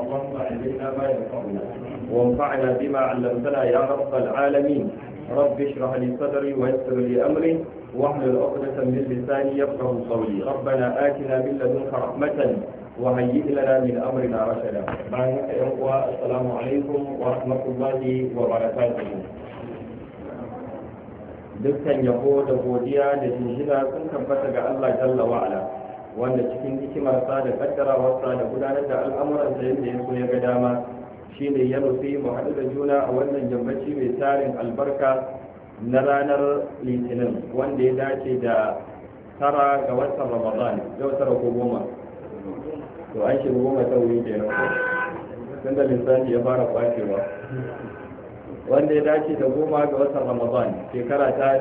اللهم علمنا ما ينفعنا وانفعنا بما علمتنا يا رب العالمين رب اشرح لي صدري ويسر لي امري واحلل عقدة من لساني يفقه قولي ربنا آتنا من لدنك رحمة وهيئ لنا من أمرنا رشدا بارك يا السلام عليكم ورحمة الله وبركاته dukkan yabo da godiya da jinjina sun tabbata ga Allah jalla wa'ala wanda cikin hikimarsa da kaddarawarsa da gudanar da al'amuransa yadda ya so ya ga dama shine ya nufi mu haɗu da juna a wannan yammaci mai tarin albarka na ranar litinin wanda ya dace da tara ga watan ramadan yau tara ko goma to an shiga goma ta wuri ke tun da lissafi ya fara kwacewa wanda ya dace da goma ga watan ramadan shekara ta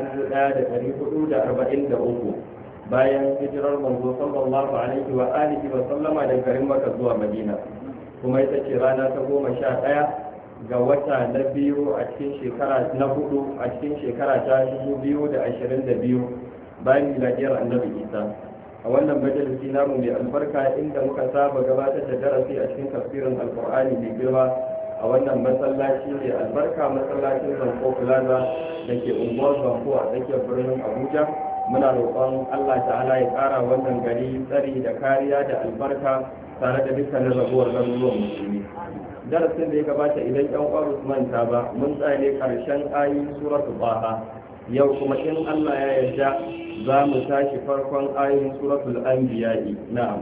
bayan hijirar manzo sallallahu alaihi wa alihi wa sallama da garin maka zuwa madina kuma ita ce rana ta goma sha ɗaya ga wata na biyu a cikin shekara na hudu a cikin shekara ta dubu biyu da ashirin da biyu bayan miladiyar annabi isa a wannan majalisi namu mai albarka inda muka saba gabatar da darasi a cikin tafsirin alkur'ani mai girma a wannan masallaci mai albarka masallacin zanko plaza da ke unguwar zanko a tsakiyar birnin abuja muna roƙon Allah ta'ala ya ƙara wannan gari tsari da kariya da albarka tare da dukkanin raguwar garuruwan musulmi darasin da ya gabata idan yan uwa Usman ta ba mun tsane ƙarshen ayin suratul Baha yau kuma in Allah ya yarda za mu tashi farkon ayin suratul Anbiya na'am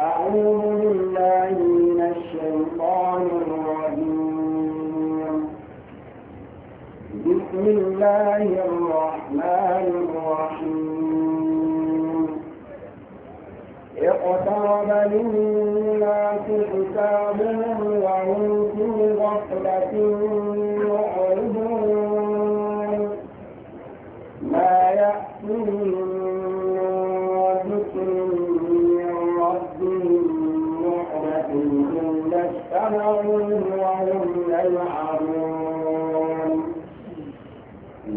أعوذ بالله من الشيطان الرجيم بسم الله الرحمن الرحيم اقترب للناس حسابهم وهم في غفلة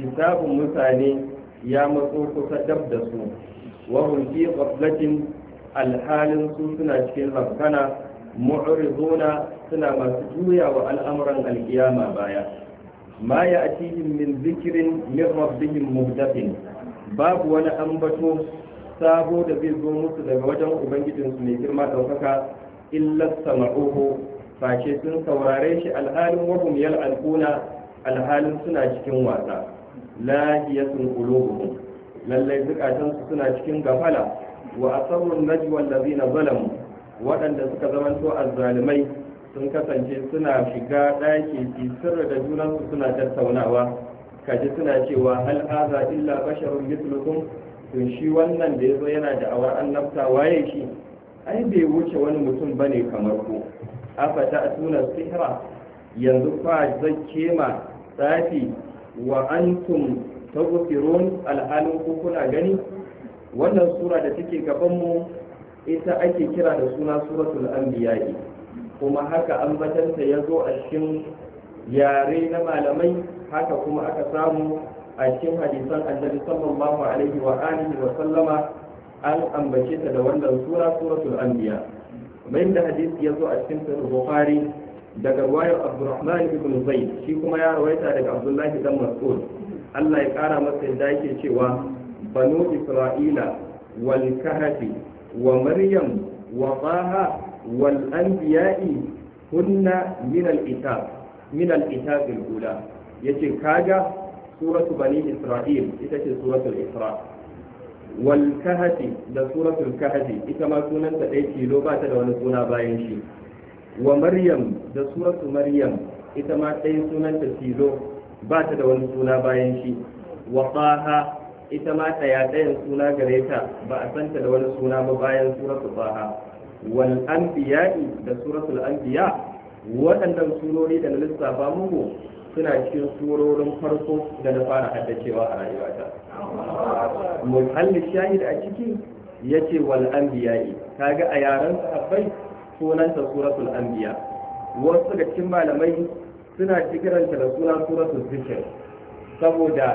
hisabun mutane ya matso kusa dab da su wa hum fi ghaflatin alhalin su suna cikin rafkana mu'riduna suna masu juya wa al'amuran alkiyama baya ma ya atihim min zikirin min rabbihim muhdathin babu wani ambato sabo da zai zo musu daga wajen ubangijinsu mai girma ɗaukaka illa sama'uhu face sun saurare shi alhalin wahum yal alhalin suna cikin wasa lahiyatun qulubuhum lallai zukatansu suna cikin gafala wa asarru najwa allazina zalamu waɗanda suka zamanto azzalimai sun kasance suna shiga ɗaki fi sirra da junansu suna tattaunawa kaji suna cewa hal haza illa basharun mithlukum to shi wannan da yazo yana da awar annabta waye shi ai bai wuce wani mutum bane kamar ku afata atuna sihra yanzu fa zakke ma tsafi wa antum taghfirun alhalin ko kuna gani wannan sura da take gaban mu ita ake kira da suna suratul anbiya kuma haka ambatanta ya zo a cikin yare na malamai haka kuma aka samu a cikin hadisan annabi sallallahu alaihi wa alihi wa sallama an ambace ta da wannan sura suratul anbiya bayan da hadisi ya zo a cikin bukhari daga ruwayar abdurrahman ibn shi kuma ya rawaita daga abdullahi dan mas'ud Allah ya kara masa da yake cewa banu isra'ila wal kahfi wa maryam wa taha wal anbiya'i hunna min al itab min al itab al ula yace kaga suratu bani isra'il ita ce suratul isra wal kahfi da suratul kahfi ita ma sunanta ɗaya tilo ba ta da wani suna bayan shi wa maryam da suratu maryam ita ma ɗaya sunanta tilo ba ta da wani suna bayan shi wa taha ita ma ɗaya ɗayan suna gare ta ba a santa da wani suna ba bayan suratu taha wal anbiya'i da suratul anbiya waɗannan surori da na lissafa muku suna cikin surorin farko da na fara haddacewa a rayuwata muhallin shahid a ciki yace ce wal anbiya'i kaga a yaren sahabbai sunanta suratul anbiya wasu da cikin malamai suna kiranta da suna suratul zikr saboda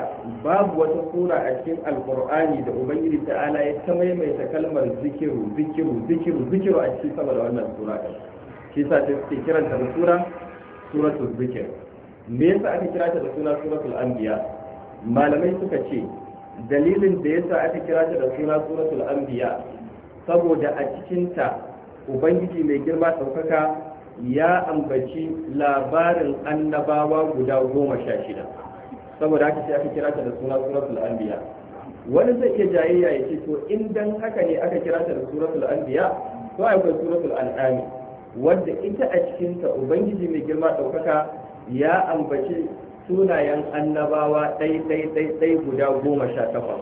babu wata sura a cikin alkur'ani da ubangiji ala ya ta maimaita kalmar zikiru zikiru zikiru zikiru a cikin saboda wannan sura ɗin shi sa ta suke kiranta da sura suratul zikir me yasa aka kira ta da suna suratul anbiya malamai suka ce dalilin da yasa aka kira ta da suna suratul anbiya saboda a cikinta ubangiji mai girma ɗaukaka ya ambaci labarin annabawa guda goma sha shida saboda haka sai aka kira ta da suna suratul anbiya wani zai iya jayayya ya ce to in dan haka ne aka kira ta da suratul anbiya to akwai suratul an'ami wanda ita a cikinta ubangiji mai girma ɗaukaka ya ambaci sunayen annabawa ɗai ɗai ɗai guda goma sha takwas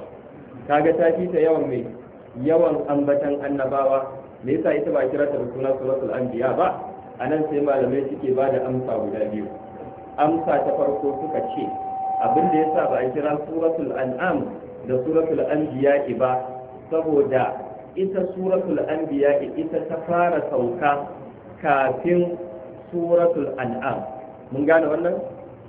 kaga ta fi ta yawan mai yawan ambatan annabawa me yasa ita ba kira ta da suna suratul anbiya ba anan sai malamai suke ba da amsa guda biyu amsa ta farko suka ce abin da yasa ba a kira suratul an'am da suratul anbiya ba saboda ita suratul anbiya ita ta fara sauka kafin suratul an'am mun gane wannan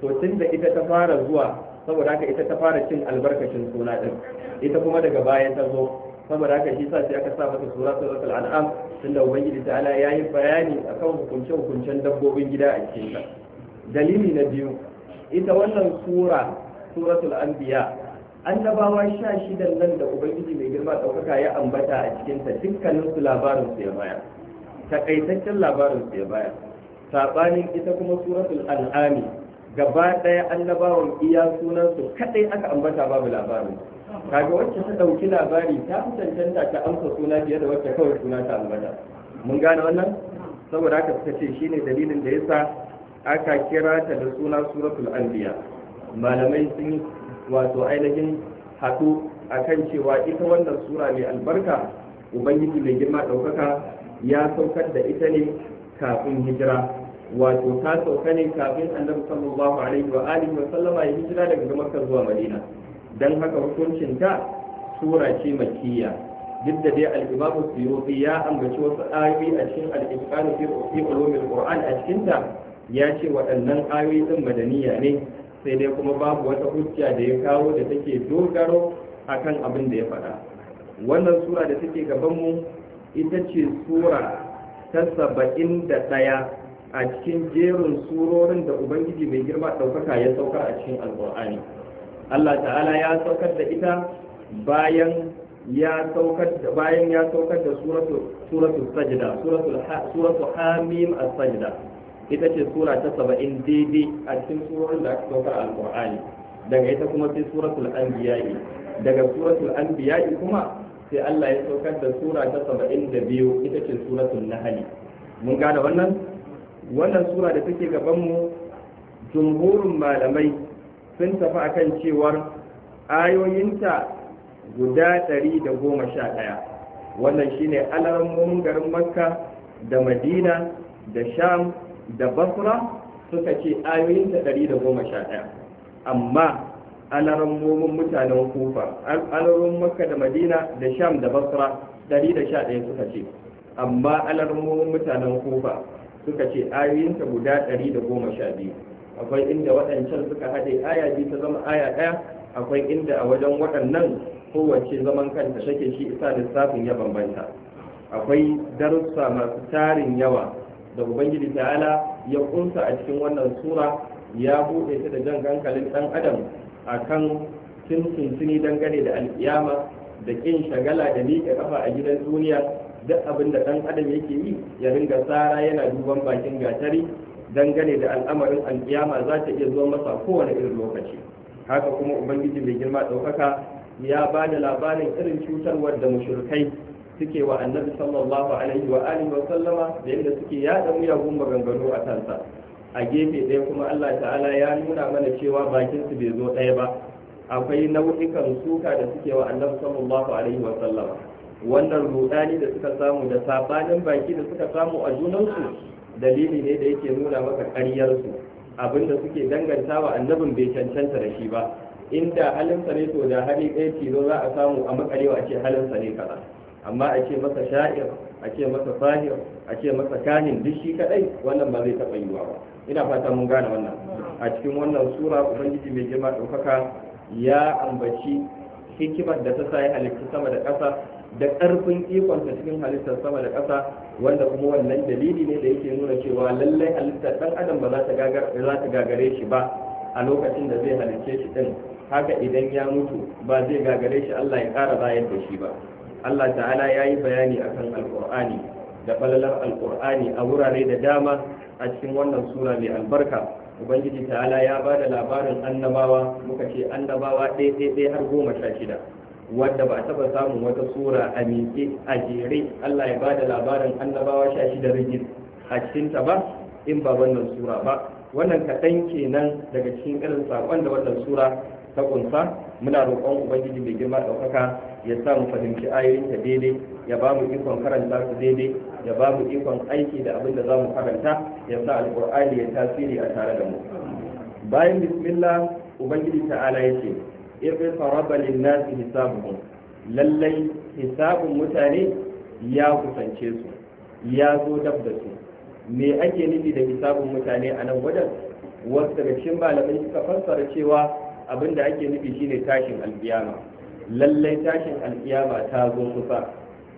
to tunda ita ta fara zuwa saboda haka ita ta fara cin albarkacin suna din ita kuma daga baya ta zo saboda haka shi sa sai aka sa masa suratul an'am tunda ubangiji ta'ala yayi bayani akan hukunce hukuncen dabbobin gida a cikin ta dalili na biyu ita wannan sura suratul anbiya annabawa sha shidan nan da ubangiji mai girma ɗaukaka ya ambata a cikin ta dukkanin su labarin su ya baya takaitaccen labarin su ya baya sabanin ita kuma suratul an'ami gaba ɗaya annabawan iya sunan su kadai aka ambata babu labarin su kaga wacce ta dauki labari ta fi cancanta ta amsa suna fiye da wacce kawai suna ta albada mun gane wannan saboda aka suka ce shine dalilin da yasa aka kira ta da suna suratul anbiya malamai sun yi wato ainihin haɗu akan cewa ita wannan sura mai albarka ubangiji mai girma daukaka ya saukar da ita ne kafin hijira wato ta sauka ne kafin annabi sallallahu alaihi wa alihi wa sallama ya hijira daga makka zuwa madina dan haka hukuncin ta sura ce makiyya duk da dai al-imamu suyuti ya ambaci wasu ayoyi a cikin al-itqan fi ulumil qur'an a cikin ta ya ce waɗannan ayoyi din madaniya ne sai dai kuma babu wata hujja da ya kawo da take dogaro akan abin da ya faɗa wannan sura da take gaban mu ita ce sura ta saba'in da ɗaya a cikin jerin surorin da ubangiji mai girma ɗaukaka ya saukar a cikin alƙur'ani Allah ta'ala ya saukar da ita bayan ya saukar da bayan ya saukar da suratu suratu sajda suratu suratu hamim as-sajda ita ce sura ta 70 daidai a cikin surorin da aka saukar qurani daga ita kuma sai suratul anbiya daga suratul anbiya kuma sai Allah ya saukar da sura ta 72 ita ce suratul nahl mun gane wannan wannan sura da take gaban mu jumhurin malamai sun tafi a kan cewar ayoyinta guda ɗari da goma sha ɗaya wannan shine alamomin garin makka da madina da sham da basra suka ce ayoyinta ɗari da goma sha ɗaya amma alamomin mutanen kufa alamomin makka da madina da sham da basra ɗari da sha ɗaya suka ce amma alamomin mutanen kufa suka ce ayoyinta guda ɗari da goma sha biyu akwai inda waɗancan suka haɗe aya biyu ta zama aya ɗaya akwai inda a wajen waɗannan kowace zaman kanta take shi isa lissafin ya bambanta akwai darussa masu tarin yawa da ubangiji ta'ala ya kunsa a cikin wannan sura ya buɗe ta da jan hankalin ɗan adam a kan tuntuntuni dangane da alƙiyama da ƙin shagala da miƙe ƙafa a gidan duniya duk abin da ɗan adam yake yi ya ringa tsara yana duban bakin gatari dangane da al'amarin alkiyama za ta iya zo masa kowane irin lokaci haka kuma ubangiji mai girma ɗaukaka ya ba da labarin irin cutarwar da mushrikai suke wa annabi sallallahu alaihi wa alihi wa sallama da yadda suke yaɗa miyagun maganganu a kansa a gefe ɗaya kuma Allah ta'ala ya nuna mana cewa bakin su bai zo ɗaya ba akwai nau'ikan suka da suke wa annabi sallallahu alaihi wa sallama wannan rudani da suka samu da sabanin baki da suka samu a junansu dalili ne da yake nuna maka ƙaryarsu abinda suke danganta wa annabin bai cancanta da shi ba inda sa ne to da hali ɗaya tilo za a samu a makarewa a ce sa ne kaza amma a ce masa sha'ir a ce masa sahir a ce masa kahin duk shi kaɗai wannan ba zai taɓa yiwa ba ina fata mun gane wannan a cikin wannan sura ubangiji mai girma ɗaukaka ya ambaci hikimar da ta sayi ya halitta sama da ƙasa da ƙarfin ikonta cikin halittar sama da ƙasa wanda kuma wannan dalili ne da yake nuna cewa lallai halittar dan adam ba za ta gagare shi ba a lokacin da zai halice shi din haka idan ya mutu ba zai gagare shi Allah ya kara bayar da shi ba Allah ta'ala ya yi bayani akan alƙur'ani da falalar alƙur'ani a wurare da dama a cikin wannan sura mai albarka ubangiji ta'ala ya ba da labarin annabawa muka ce annabawa ɗaya ɗaya har goma sha shida wanda ba taba samun wata sura a miƙe a jere Allah ya bada labarin annabawa sha shida rigid a cikin ta ba in ba wannan sura ba wannan kaɗan kenan daga cikin irin saƙon da wannan sura ta kunsa muna roƙon ubangiji mai girma ɗaukaka ya sa mu fahimci ayoyin ta daidai ya ba mu ikon karanta su daidai ya ba mu ikon aiki da abin da za mu karanta ya sa alƙur'ani ya tasiri a tare da mu bayan bismillah ubangiji ta'ala ya ce irin faraba linnasi hisabuhum lallai hisabun mutane ya kusance su ya zo dab da su me ake nufi da hisabun mutane a nan wajen wasu daga cikin malamai suka fassara cewa abin da ake nufi shine tashin alkiyama lallai tashin alkiyama ta zo kusa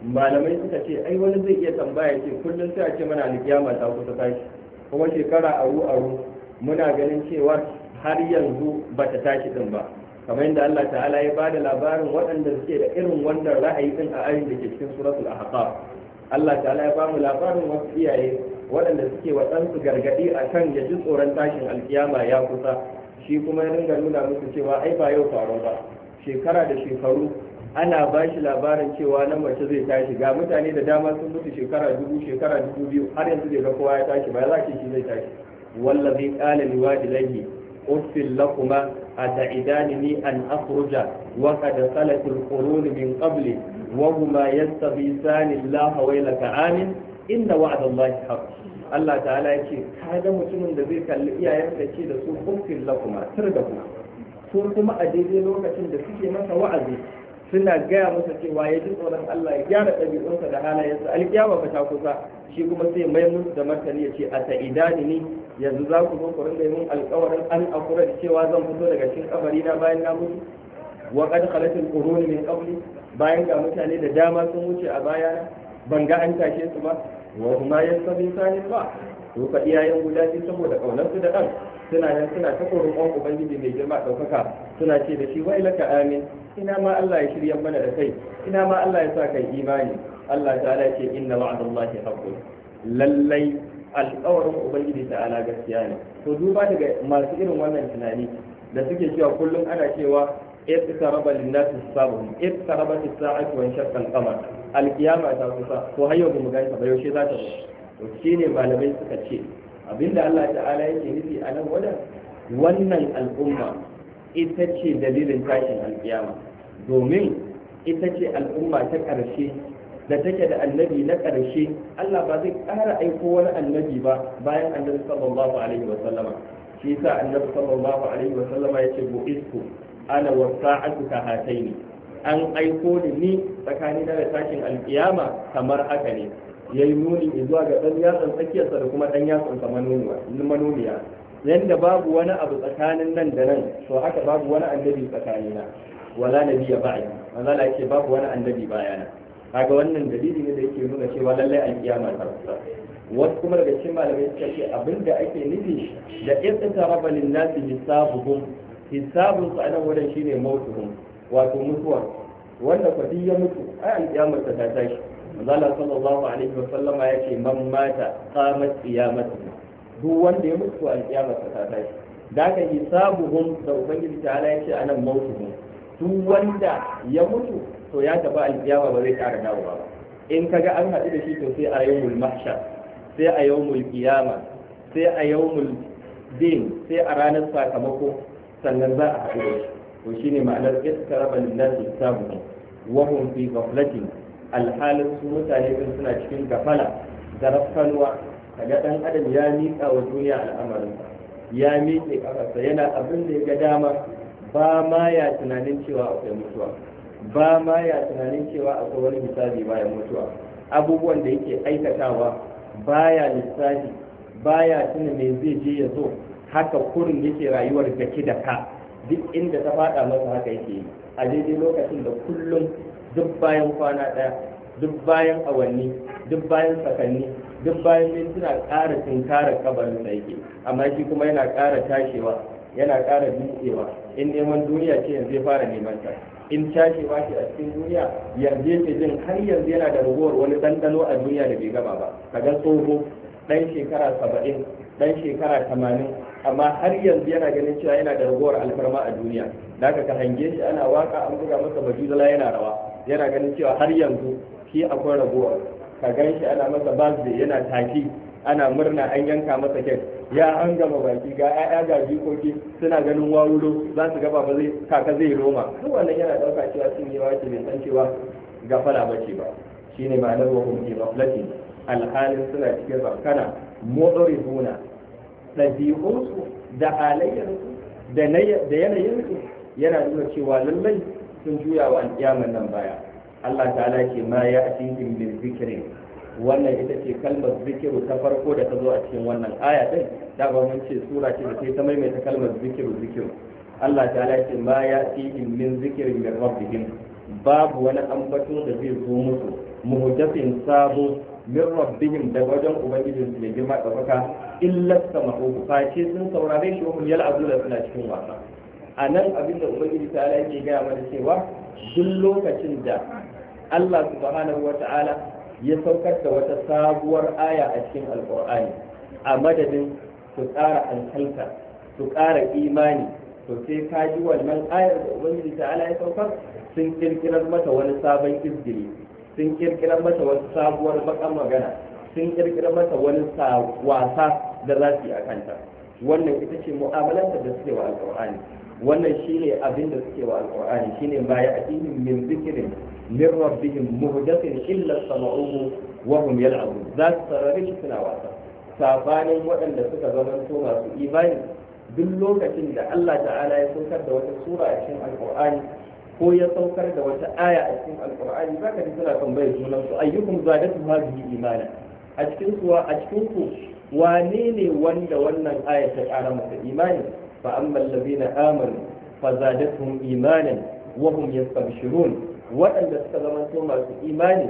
malamai suka ce ai wani zai iya tambaya ce kullum sai a ce mana alkiyama ta kusa tashi kuma shekara aru aru muna ganin cewa har yanzu bata tashi din ba kamar yadda Allah ta'ala ya bada labarin waɗanda suke da irin wannan ra'ayi din a ayin da ke cikin suratul ahqaf Allah ta'ala ya bamu labarin wasu iyaye waɗanda suke wa ɗansu gargaɗi a kan ya ji tsoron tashin alkiyama ya kusa shi kuma ya dinga nuna musu cewa ai ba yau faru ba shekara da shekaru ana ba shi labarin cewa nan mace zai tashi ga mutane da dama sun mutu shekara dubu shekara dubu biyu har yanzu bai ga kowa ya tashi ba za ki shi zai tashi wallazi qala liwadi lahi أفل لكما أتعدانني أن أخرج وقد خلت القرون من قبلي وهما يستغيثان الله ويلك آمن إن وعد الله حق Allah ta'ala ya ce ka ga mutumin da zai kalli iyayensa ce da su kumfin lakuma tur da ku ko kuma a daidai lokacin da suke masa wa'azi suna gaya masa cewa ya ji tsoron Allah ya gyara ɗabi'unsa da halayensa alkiyama ba ta kusa shi kuma sai mai musu da martani ya ce a ta'idani ne yanzu za ku zo ku rinda yin alƙawarin an akura da cewa zan fito daga cikin kabari na bayan na mutu wa qad khalatil qurun min qabli bayan ga mutane da dama sun wuce a baya ban ga an tashe su ba wa huma yastabi sanin ba to ka iyayen guda biyu saboda kaunar da ɗan suna nan suna ta roƙon ubangiji mai girma ɗaukaka suna ce da shi wailaka amin ina ma Allah ya shirya mana da kai ina ma Allah ya sa kai imani Allah ta'ala ce inna wa'adallahi haqqun lallai alƙawarin ubangiji ta'ala gaskiya ne to duba daga masu irin wannan tunani da suke cewa kullum ana cewa اقترب للناس حسابهم اقتربت الساعة وانشق القمر القيامة ta kusa to har yau ba mu ganta ba yaushe za ta zo to shine malamai suka ce abinda Allah ta'ala yake nufi a nan wadan wannan al'umma ita ce dalilin tashin alkiyama domin ita ce al'umma ta ƙarshe da take da annabi na ƙarshe Allah ba zai ƙara aiko wani annabi ba bayan annabi sallallahu alaihi wa sallama shi yasa annabi sallallahu alaihi wa sallama yace bu'isku ana wa sa'atu ka hataini an aiko ni ni tsakanin da tashin alkiyama kamar haka ne ya yi nuni zuwa ga ɗan yatsan tsakiyarsa da kuma ɗan yatsan sa manomiya yadda babu wani abu tsakanin nan da nan to haka babu wani annabi tsakanina wala nabiya ba'i maza la yake babu wani annabi bayana kaga wannan dalili ne da yake nuna cewa lallai alkiyama ta kusa wasu kuma daga cikin malamai suka ce abinda ake nufi da ittisa rabalin nasi hisabuhum hisabun su anan wurin shine mautuhum wato mutuwa wanda kwadi ya mutu ai alkiyamar ta tashi manzala sallallahu alaihi wa sallama ya ce man mata qamat qiyamatu duk wanda ya mutu an kiyamarsa ta tashi da haka hisabuhum da ubangiji ta ala ya ce anan mu? duk wanda ya mutu to ya tafi alkiyama ba zai ƙara dawowa ba in ka ga an haɗu da shi to sai a yawmul mahshar sai a yawmul qiyama sai a yawmul din sai a ranar sakamako sannan za a haɗu da shi to shine ma'anar iskarabal nasi hisabuhum wa hum fi ghaflatin alhalin su mutane din suna cikin gafala da rafkanwa kaga dan adam ya miƙa wa duniya sa ya miƙe ƙafarsa yana abin da ya ga dama ba ma ya tunanin cewa akwai mutuwa ba ma ya tunanin cewa akwai wani misali bayan mutuwa abubuwan da yake aikatawa baya lissafi baya tuna me zai je ya zo haka kurin yake rayuwar gaki da ka duk inda ta faɗa masa haka yake yi a daidai lokacin da kullum duk bayan kwana ɗaya duk bayan awanni duk bayan sakanni duk bayan mintuna ƙara tunkarar kabarin da yake amma shi kuma yana ƙara tashewa yana ƙara dutsewa in neman duniya ce yanzu ya fara neman ta in tashewa ce a cikin duniya yanzu yake jin har yanzu yana da ragowar wani ɗanɗano a duniya da bai gama ba kaga tsoho ɗan shekara saba'in ɗan shekara tamanin amma har yanzu yana ganin cewa yana da ragowar alfarma a duniya da ka hange shi ana waka an buga masa bajuzala yana rawa yana ganin cewa har yanzu shi akwai raguwa ka gan shi ana masa birthday yana taki ana murna an yanka masa kek ya an gama baki ga 'ya'ya ga jikoki suna ganin wawulo za su gaba ba zai kaka zai roma duk wannan yana ɗauka cewa sun yi wace bai san cewa bace ba shi ba ma ma'anar wa hum fi ghaflatin alhalin suna cikin rafkana mu'rifuna ɗabi'unsu da halayyarsu da yanayinsu yana nuna cewa lallai sun juya wa alƙiyamar nan baya Allah ta'ala ke ma ya yi min zikirin wannan ita ce kalmar zikiru ta farko da ta zo a cikin wannan aya din da ba mun ce sura ce da ta maimaita kalmar zikiru zikiru Allah ta'ala ce ma ya yi min zikirin min rabbihim babu wani ambato da zai zo musu muhdathin sabo min rabbihim da wajen ubangijin su mai girma ɗaukaka illa sama'u ce sun saurare shi wa hum yal'azu da suna cikin wasa a nan abin da ubangiji ta ala yake gaya mana cewa duk lokacin da Allah subhanahu wa ta'ala ya saukar da wata sabuwar aya a cikin alkur'ani a madadin su ƙara hankalta su ƙara imani to sai ka ji wannan ayar da ubangiji ta ala ya saukar sun kirkirar mata wani sabon izgiri sun kirkirar mata wata sabuwar bakan magana sun kirkirar mata wani wasa da za su yi a kanta wannan ita ce mu'amalar da suke wa alkur'ani wannan shine abin da suke wa alqur'ani shine ma ya'tihim min dhikrin min rabbihim muhdathin illa sama'uhu wa hum yal'abun za su sarari suna wasa sabanin waɗanda suka zamanto masu imani duk lokacin da Allah ta'ala ya saukar da wata sura a cikin alqur'ani ko ya saukar da wata aya a cikin alqur'ani zaka ji suna tambayar junan su ayyukum zadatu hadhihi imana a cikin suwa a cikin ku wane ne wanda wannan aya ta ƙara masa imani فأما الذين آمنوا فزادتهم waɗanda suka يستبشرون وأن استلمتهم إيمانا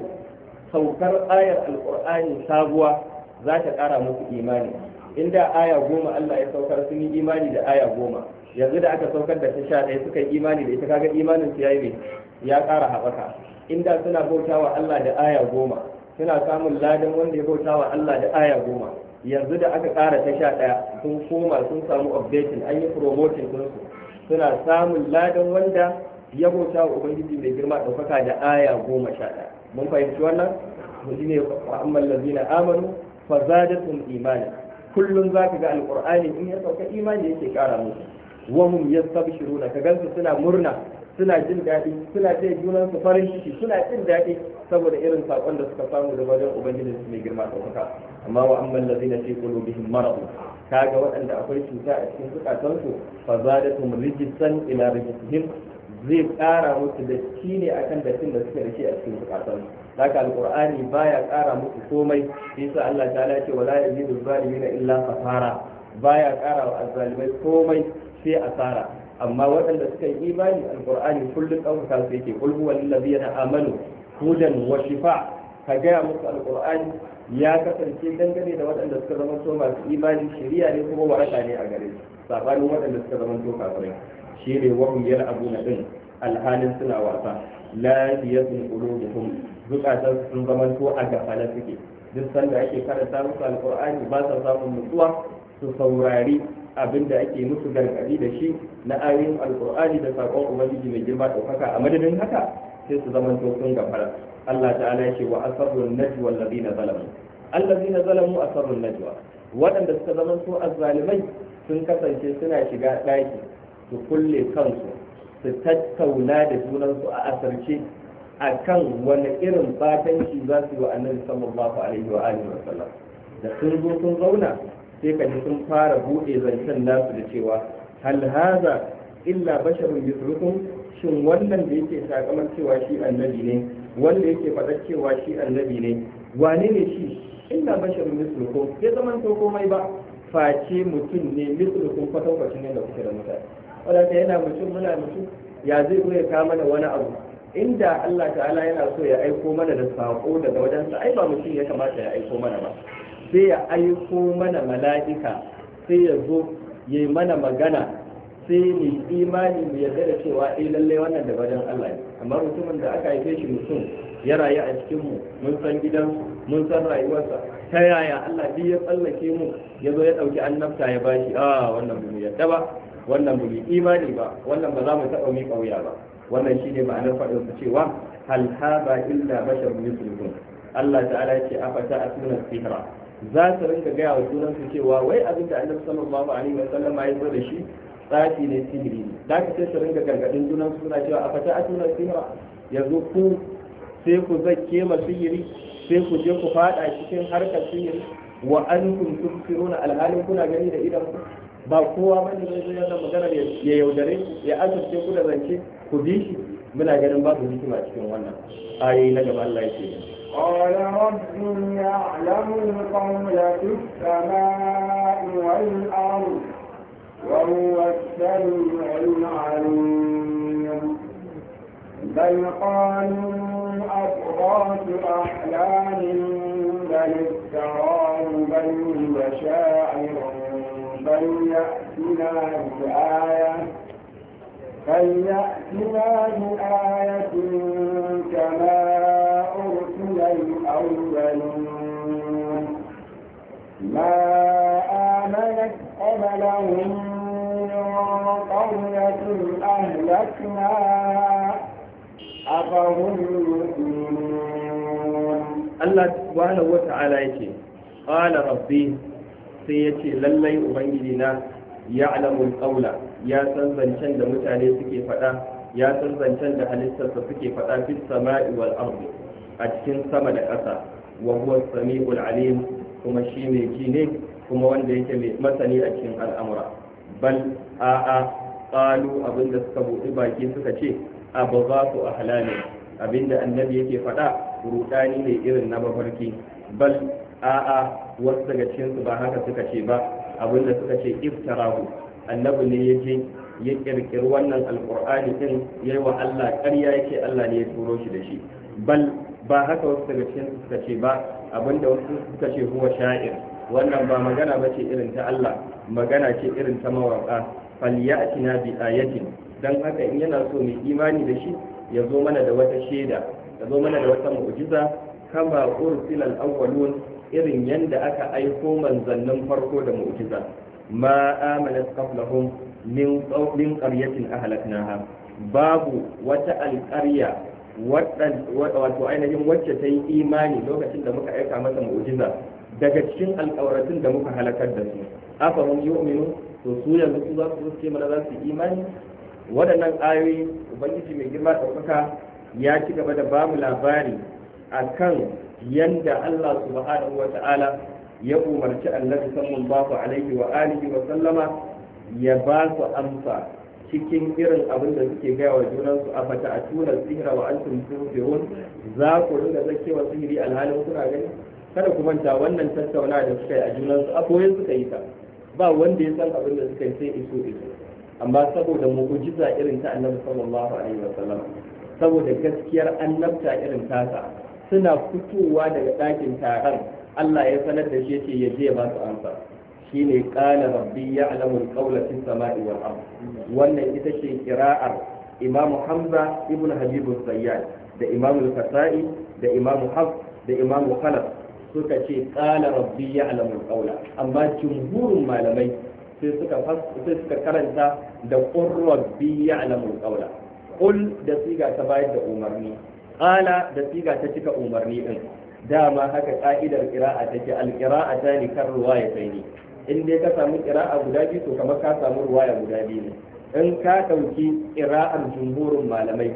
saukar ayar al'ƙur'ani sabuwa zata ƙara musu imani inda aya goma Allah ya saukar sun yi imani da aya goma yanzu da aka saukar da ta sha ɗaya suka yi imani da ita kaga imanin su yayi ya ƙara haɓaka inda suna bautawa Allah da aya goma suna samun ladan wanda ya bautawa Allah da aya goma yanzu da aka ƙara ta sha ɗaya sun koma sun samu updating an yi promoting ɗinsu suna samun ladan wanda ya bauta wa ubangiji mai girma ɗaukaka da aya goma sha ɗaya mun fahimci wannan shi ne amma lazina amanu fa zadatum kullum za ka ga alƙur'ani in ya sauka imani yake ƙara musu wa hum yastabshiruna ka gansu suna murna suna jin daɗi suna taya junan su farin ciki suna jin daɗi saboda irin sakon da suka samu da wajen ubangiji su mai girma ɗaukaka amma wa amman lazina fi qulubihim marad kaga waɗanda akwai cuta a cikin zukatansu fa zadatum rijsan ila rijsihim zai ƙara musu da shi ne akan dattin da suka rike a cikin zukatansu haka alqur'ani baya ƙara musu komai yasa Allah ta ce wala yazidu zalimina illa fasara baya ƙara wa azzalimai komai sai asara amma waɗanda suka yi imani Alƙur'ani, kullum ɗaukaka su yake kul huwa lillazina amanu hudan wa shifa ka gaya musu Alƙur'ani ya kasance dangane da waɗanda suka zama masu imani shari'a ne kuma waraka ne a gare su sabanin waɗanda suka zama to kafirai shi ne wahum na din alhalin suna wasa la yasmi qulubuhum zukatan sun zama to a gafala suke duk sanda ake karanta musu Alƙur'ani ba sa samun nutsuwa su saurari abin da ake musu gargadi da shi na ayoyin alkur'ani da sakon ubangiji mai girma ɗaukaka a madadin haka sai su zama sun gafara Allah ta'ala ya ce wa asarrun najwa allazina zalamu allazina zalamu asarrun najwa waɗanda suka zama su azzalimai sun kasance suna shiga ɗaki su kulle kansu su tattauna da junansu a asarce a kan wani irin batanci za su yi wa annabi sallallahu alaihi wa alihi wa sallam da sun zo sun zauna sai ka ji sun fara buɗe zancen nasu da cewa hal haza illa basharun mislukum shin wannan da yake sakamar cewa shi annabi ne wanda yake faɗa cewa shi annabi ne wane ne shi illa basharun mislukum ya zaman to komai ba face mutum ne mislukum kwatankwacin yadda kuke da mutane wadanda yana mutum muna mutum ya zai iya kama da wani abu inda Allah ta'ala yana so ya aiko mana da saƙo daga wajen sa ai ba mutum ya kamata ya aiko mana ba sai ya aiko mana mala'ika sai ya zo ya yi mana magana sai ni imani mu yarda da cewa eh lalle wannan da wajen Allah ne amma mutumin da aka haife shi mutum ya rayu a cikin mu mun san gidan mun san rayuwarsa ta yaya Allah duk ya tsallake mu ya zo ya dauki annabta ya bashi a ah, wannan mu yarda ba wannan mu imani ba wannan ba za mu taba mi kauya ba wannan shine ma'anar faɗin su cewa hal haba illa basharun mislukum Allah ta'ala ya ce afata asuna sihra za su rinka gaya wa junan su cewa wai abinda da annabi sallallahu alaihi wa sallam ya yazo da shi tsafi ne sihiri ne da ka sai su rinka gargadin junan su suna cewa a fata a tunan sihira yanzu ku sai ku zakke ma sihiri sai ku je ku fada cikin harkar sihiri wa antum tubsiruna alhalin kuna gani da idan ba kowa bane zai zo yana magana ya yaudare ya asirce ku da zance ku bi shi muna ganin babu hikima cikin wannan ayoyi na gaba Allah ya ce قال ربي يعلم القول في السماء والأرض وهو السميع العليم بل قالوا أضغاث أحلام بل افتراه بل هو شاعر بل يأتنا بآية فليأتنا بآية كما Allah Ta kwana wata ala ya sai yace lallai ubangiji na ya alamu al ya san zancen da mutane suke faɗa, ya san zancen da halittarsa suke faɗa, fito sama'i wal arziƙ a cikin sama-da-ƙasa, wahuwar Samihu al-Aliya. kuma shi mai ji ne kuma wanda yake mai masani a cikin al'amura bal a'a abin abinda suka buɗi baki suka ce a ahlani abinda annabi yake faɗa rudani ne irin na mafarki bal a'a wasu daga ba haka suka ce ba abinda suka ce iftarahu annabi ne yaje ya kirkiri wannan alkur'ani din yayi wa Allah ƙarya yake Allah ne ya turo shi da shi bal ba haka wasu daga cikin suka ce ba abinda wasu suka ce huwa sha'ir wannan ba magana ba ce irin ta Allah magana ce irin ta mawaka na bi ayatin dan haka in yana so mai imani da shi ya zo mana da wata shaida ya zo mana da wata mu'jiza kama ursila al-awwalun irin yanda aka aiko manzannin farko da mu'jiza ma amanat qablahum min qawmin qaryatin ahlaknaha babu wata alqarya wato ainihin wacce ta yi imani lokacin da muka aika masa mu'ujiza daga cikin alƙawaratun da muka halakar da su afa hum yu'minu to su yanzu su za su ce mana za su imani waɗannan ayoyi ubangiji mai girma ɗaukaka ya ci gaba da bamu labari akan yanda Allah subhanahu wa ta'ala ya umarci annabi sallallahu alaihi wa alihi wa sallama ya ba su amsa cikin irin abin da suke gaya wa junansu a fata a tuna sihira wa an tumtum za ku ringa zakewa sihiri alhalin kuna gani kada ku manta wannan tattaunawa da suka yi a junansu a koyon suka yi ta ba wanda ya san abin da suka yi sai iso iso amma saboda mu'ujiza irin ta annabi sallallahu alaihi wa sallam saboda gaskiyar annabta irin tasa suna fitowa daga ɗakin taron Allah ya sanar da shi yace ya je ba su amsa shine qala rabbi ya'lamu al-qawla samai wal ard wannan ita ce qira'ar imam hamza ibn habib sayyad da imam al-fasai da imam hafs da imam khalaf suka ce qala rabbi ya'lamu al-qawla amma jumhurun malamai sai suka sai suka karanta da qur rabbi ya'lamu al qul da siga ta bayar da umarni qala da siga ta cika umarni din dama haka ka'idar qira'a take al-qira'ata ni kan ya ne in dai ka samu ƙira'a guda biyu to kamar ka samu ruwaya guda biyu ne in ka ɗauki ƙira'ar jumhurin malamai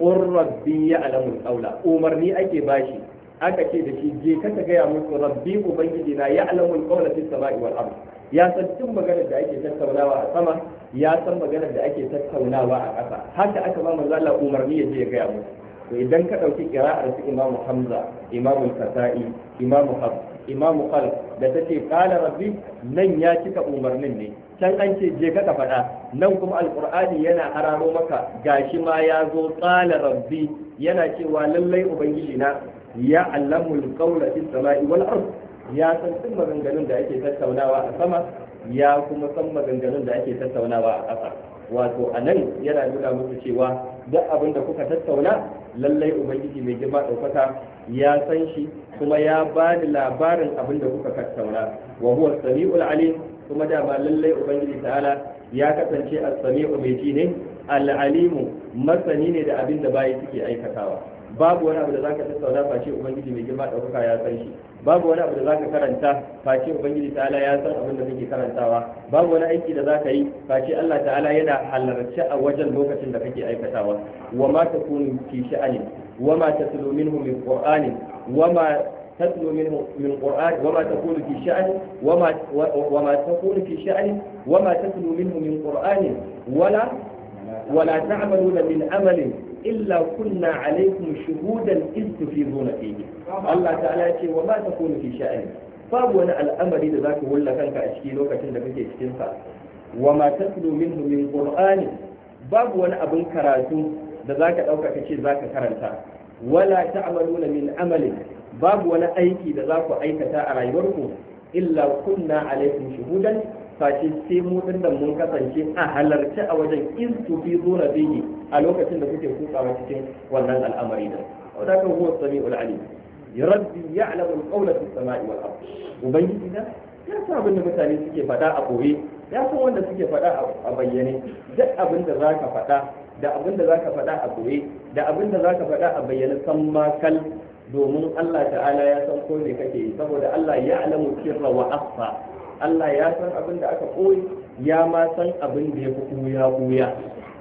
rabbi ya alamun aula umarni ake bashi aka ce da shi je ka ta gaya musu rabbi ubangiji na ya alamun aula fi sama'i wal ardh ya san duk maganar da ake tattaunawa a sama ya san maganar da ake tattaunawa a ƙasa haka aka ba manzo Allah umarni ya je ya gaya musu to idan ka ɗauki ƙira'ar su imamu hamza imamu kasa'i imamu hafs imamu qal da take qala rabbi nan ya cika umarnin ne can an ce je ka faɗa nan kuma alqur'ani yana hararo maka gashi ma ya zo qala rabbi yana cewa lallai ubangiji na ya allamu alqawla fis sama'i wal ard ya san duk maganganun da ake tattaunawa a sama ya kuma san maganganun da ake tattaunawa a ƙasa wato anan yana nuna musu cewa duk abin da kuka tattauna lallai ubangiji mai girma ɗaukaka ya san shi kuma ya ba da labarin abin da kuka tattauna wa huwa sami'ul alim kuma dama lallai ubangiji ta'ala ya kasance as-sami'u mai ji ne al-alimu masani ne da abin da bai suke aikatawa babu wani abu da zaka tattauna face ubangiji mai girma ɗaukaka ya san shi babu wani abu da zaka karanta face ubangiji ta'ala ya san abin da kake karantawa babu wani aiki da zaka yi face Allah ta'ala yana halarci a wajen lokacin da kake aikatawa wa ma takunu fi sha'anin wa ma tatlu minhu min qur'anin wa ma تتلو منه من قرآن illa kunna alaikum shuhudan istufizuna fihi Allah ta'ala ya ce wa ma takunu fi sha'ani babu wani al'amari da zaka wulla kanka a ciki lokacin da kake cikin sa wa ma tatlu minhu min babu wani abin karatu da zaka dauka kace zaka karanta wala ta'maluna min amali babu wani aiki da za ku aikata a rayuwarku illa kunna alaikum shuhudan fashi sai mu din da mun kasance a halarci a wajen in su fi zuna bihi a lokacin da kuke kutsawa cikin wannan al'amari da wanda kan huwa sami'ul alim rabbi ya'lamu al-qawla fi samai wal ard ubangiji na ya san abin da mutane suke faɗa a koye ya san wanda suke faɗa a bayyane duk abin da za ka faɗa da abin da za ka faɗa a koye da abin da za ka faɗa a bayyane san makal domin Allah ta'ala ya san ko me kake yi saboda Allah ya alamu sirra wa asfa Allah ya san abin da aka koyi ya ma san abin da ya fi kuya kuya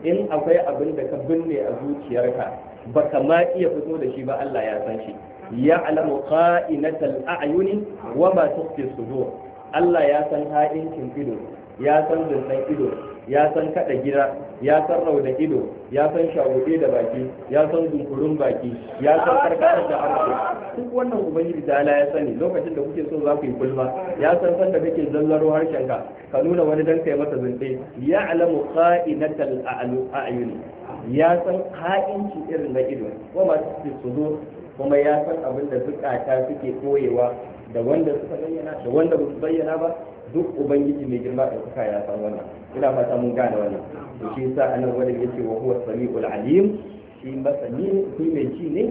in akwai abin da ka binne a zuciyarka ba ka ma iya fito da shi ba Allah ya san shi ya alamu qa'inatal a'yuni wa ma tukhfi sudur Allah ya san ha'incin ido ya san zinsan ido ya san kada gida ya san rauda ido ya san shagube da baki ya san dunkurun baki ya san karkatar da harshe duk wannan ubangiji da ya sani lokacin da kuke so za ku yi kulma ya san sanda kake zallaro harshen ka ka nuna wani dan kai masa zunde ya alamu qa'inatal a'yun ya san ka'inci irin na ido kuma su zo kuma ya san abin da zukata suke koyewa da wanda suka bayyana da wanda ba su bayyana ba duk ubangiji mai girma da suka ya san wannan ina fata mun gane wannan to shi yasa annabi wannan wa huwa samiul alim shi masani shi mai ji ne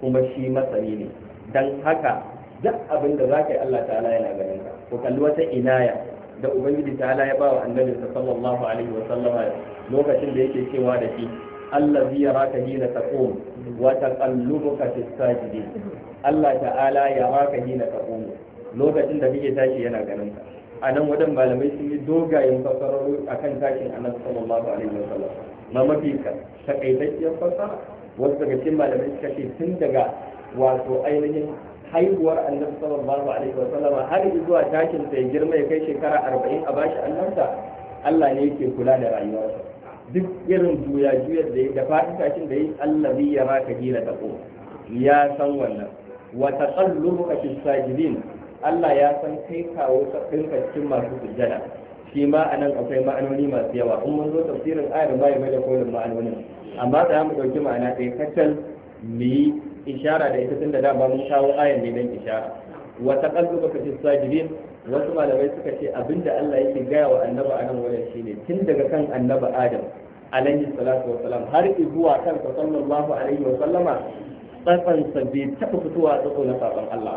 kuma shi masani ne dan haka duk abin da zaka yi Allah ta'ala yana ganin ka ko kalli wata inaya da ubangiji ta'ala ya ba wa annabi sallallahu alaihi wa sallama lokacin da yake cewa da shi Allah zai allazi yaraka hina Wata wa taqallubuka fis sajidin Allah ta'ala ya yaraka hina taqum lokacin da kake tashi yana ganin ka a nan wadan malamai sun yi dogayen fasararru akan tashin annabi sallallahu alaihi wasallam ma mafi takaitacciyar fasara wasu daga cikin malamai suka ce tun daga wato ainihin haihuwar annabi sallallahu alaihi wasallam har zuwa tashin sai girma ya kai shekara arba'in a bashi annabta Allah ne yake kula da rayuwarsa duk irin juya juya da ya dafa faɗi da yi allazi ya ra ka hila da ko ya san wannan wa taqallubu fi sajidin Allah ya san kai kawo sabbin cikin masu sujjada shi ma anan akwai ma'anoni masu yawa in mun zo tafsirin ayar ba mai da kowane ma'anonin amma za mu ɗauki ma'ana ɗaya kacal mu yi ishara da ita tun da dama mun kawo ayar ne dan ishara wa taqallubu fi sajidin wasu malamai suka ce abinda Allah yake gaya wa annaba a nan wajen shine tun daga kan annaba Adam alaihi salatu wa salam har zuwa kan sallallahu alaihi wa sallama tsatsansa bai taɓa fitowa tsatso na sabon Allah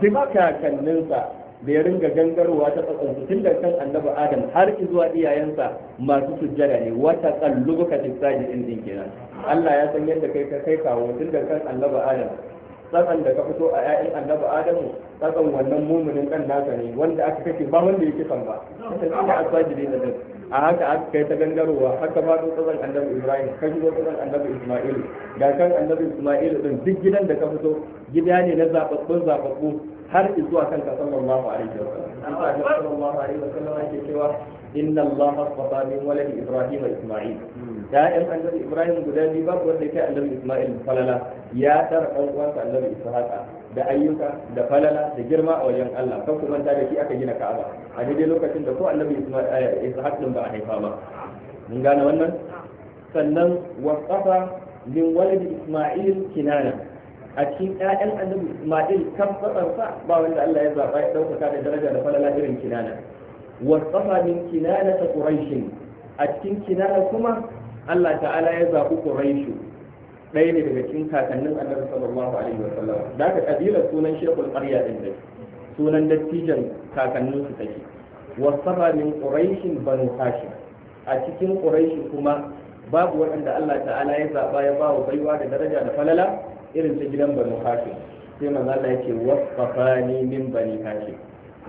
ba duk kakanninsa da ya ringa gangarowa ta tsatsansa tun daga kan annaba Adam har zuwa iyayensa masu sujjada ne wata kallubuka tisajidin din kenan Allah ya san yadda kai ka kai kawo tun daga kan annaba Adam sakan da ka fito a ƴaƴan annabi adamu sakan wannan muminin kan naka ne wanda aka kace ba wanda yake san ba sai da ne da din a haka aka kai ta gangarowa haka ba to tsakan annabi ibrahim ka shigo tsakan annabi isma'ilu ga kan annabi isma'ilu din duk gidan da ka fito gida ne na zababbun zababbu har zuwa kan ka sallallahu alaihi wasallam sallallahu alaihi wasallam yake cewa inna allaha astafa min walad ibrahim isma'il ya'yan annabi ibrahim guda biyu babu wanda kai annabi isma'il falala ya tara ɗan uwansa annabi ishaqa da ayyuka da falala da girma a wajen allah kan kuma da shi aka gina ka'aba a daidai lokacin da ko annabi eh, ishaq din ba a haifa ba mun gane wannan sannan waqafa min walidi isma'il kinana a cikin ƴaƴan annabi isma'il kan fatsarsa ba wanda allah ya zaba ya ɗaukaka da daraja da falala irin kinana wasafa min kinana ta quraishin a cikin kinana kuma Allah ta'ala ya zaɓi Quraishu ɗaya ne daga cikin kakannin Annabi sallallahu alaihi wa sallam da ka kabila sunan Sheikhul Qarya din dai sunan dattijan kakannin su take wasara min Quraishin banu Hashim a cikin Quraishi kuma babu waɗanda Allah ta'ala ya zaɓa ya bawa baiwa da daraja da falala irin ta gidan banu Hashim sai manzo Allah yake wasfafani min bani Hashim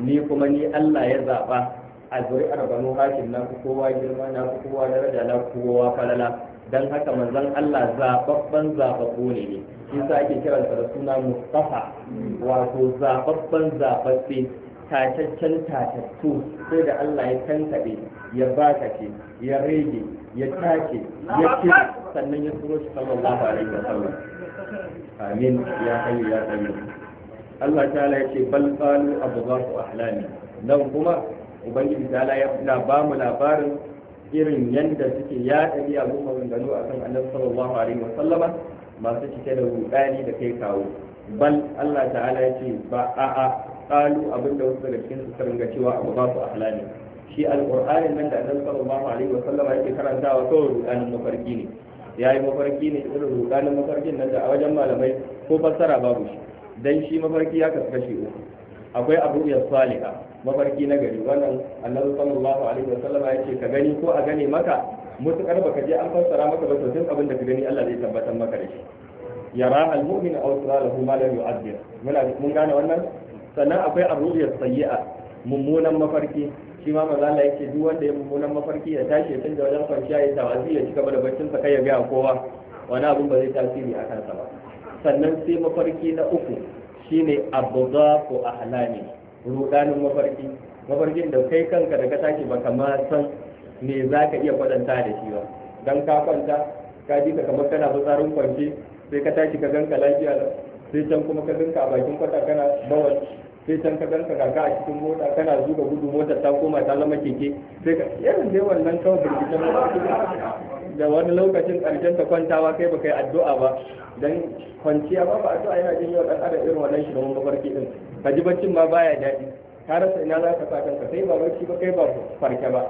ni kuma ni Allah ya zaɓa a zuri'ar banu hashim na fi kowa girma na fi kowa daraja na kowa falala dan haka manzon Allah zababban zababbo ne ne yasa ake kiransa da suna Mustafa wato zababban zababbe tataccen tatattu sai da Allah ya tantabe ya baka ce ya rage ya tace ya ce sannan ya turo shi sallallahu alaihi wasallam amin ya hayyu ya qayyum Allah ta'ala ya ce bal qalu abghas ahlami nan kuma ubangiji ta'ala ya na ba mu labarin irin yadda suke yaɗa a maganganu a akan annabi sallallahu alaihi wasallama masu cike da rudani da kai kawo bal Allah ta'ala ya ce ba a a kalu abinda wasu daga cikin su karanga cewa abu ba su ahlani shi alqur'anin nan da annabi sallallahu alaihi wasallama yake karantawa kawai rudanin mafarki ne yayi mafarki ne irin rudanin mafarkin nan da a wajen malamai ko fassara babu shi dan shi mafarki ya kasu kashi uku akwai abu ya saliha mafarki na gari wannan annabi sallallahu alaihi wasallam ya ce ka gani ko a gane maka mutukar baka je an fassara maka ba sosai abin da ka gani Allah zai tabbatar maka da shi yara al-mu'min aw salahu ma la yu'azzir muna mun gane wannan sannan akwai ar sayyi'a mummunan mafarki shi ma manzo Allah yake duk wanda ya mummunan mafarki ya tashi tun da wajen kwanciya ya tawazi ya cika da baccin sa kai ya ga kowa wani abin ba zai tasiri a kansa ba sannan sai mafarki na uku shine abdha ko ahlami rudanin mafarki mafarkin da kai kanka da ka tashi baka ma san me za ka iya kwatanta da shi ba dan ka kwanta ka ji ka kamar kana fitsarin kwance sai ka tashi ka ganka lafiya sai can kuma ka ganka a bakin kwata kana bawal sai can ka ganka kaka a cikin mota kana zuga gudu motar ta koma ta zama keke sai ka irin dai wannan kawai ba. da wani lokacin karshen ka kwantawa kai baka yi addu'a ba dan kwanciya ba ba addu'a yana jin yau dan ada irin wannan shi da mun din ka ji baccin ma baya daɗi ka rasa ina za ka sa kanka sai ba barci ba kai ba farke ba